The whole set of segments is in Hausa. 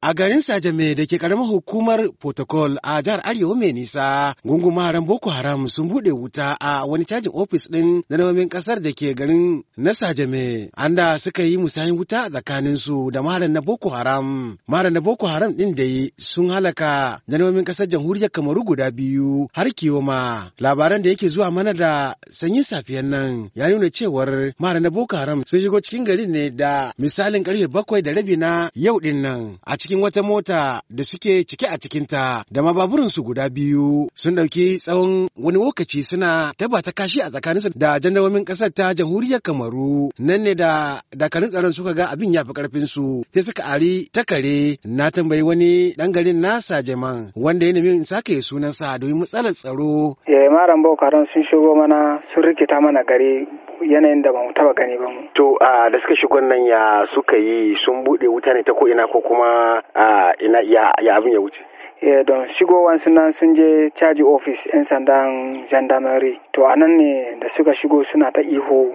A garin Sajame da ke karamar hukumar protocol a jihar Arewa mai nisa, gungun maharan Boko Haram sun bude wuta a wani cajin ofis ɗin na ƙasar da ke garin na Sajame, anda suka yi musayin wuta tsakanin su da maharan na Boko Haram. Maharan na Boko Haram ɗin da sun halaka na nauyin ƙasar jamhuriyar Kamaru guda biyu har ma. Labaran da yake zuwa mana da sanyin safiyan nan ya nuna cewar maharan na Boko Haram sun shigo cikin garin ne da misalin karfe bakwai da rabi na yau ɗin nan. cikin wata mota da suke cike a cikinta da ma guda biyu sun ɗauki tsawon wani lokaci suna taba ta kashi a tsakaninsu da jandarmomin ƙasar ta jamhuriyar kamaru nan ne da dakarun tsaron suka ga abin ya fi karfin su sai suka ari ta kare na tambayi wani ɗan garin nasa jaman wanda ya nemi in sake sunansa domin matsalar tsaro. Eh maran bokaran sun shigo mana sun rikita mana gari yanayin da ba mu taba gani ba mu. To a da suka shigo nan ya suka yi sun buɗe wuta ne ta ko ina ko kuma a ina ya abin ya wuce. eh don shigowan sunan sun je caji ofis 'yan sandan gendarmerie to a nan ne da suka shigo suna ta ihu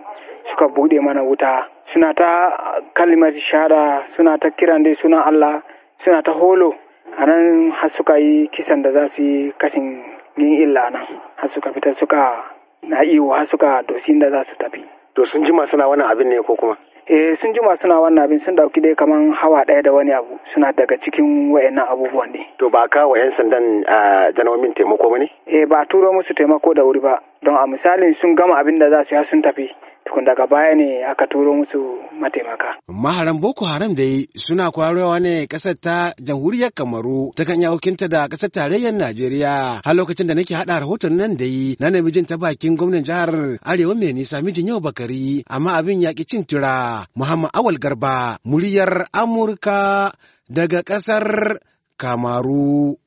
suka buɗe mana wuta suna ta kalimar shahada suna ta kiran dai suna Allah suna ta holo a nan har suka yi kisan da za su yi kashin yin illa nan har suka fita suka na iya suka dosi da za su tafi. To sun jima suna wannan abin ne ko kuma? Eh sun jima suna wannan abin sun dauki dai kaman hawa ɗaya da wani abu suna daga cikin wayannan abubuwan ne. To ba ka wa 'yan sandan a janawamin taimako ba ne? Eh ba turo musu taimako da wuri ba don a misalin sun gama abin da za su yi sun tafi tukun daga baya ne aka turo musu mataimaka. Maharan Boko Haram dai suna kwarowa ne ƙasar ta jamhuriyar Kamaru ta kan yawokinta da ƙasar tarayyar Najeriya. Har lokacin da nake haɗa rahoton nan dai na namijin ta bakin gwamnan jihar Arewa mai nisa mijin yau Bakari amma abin ya ƙi cin tura. Muhammad Awal Garba muryar Amurka daga ƙasar Kamaru.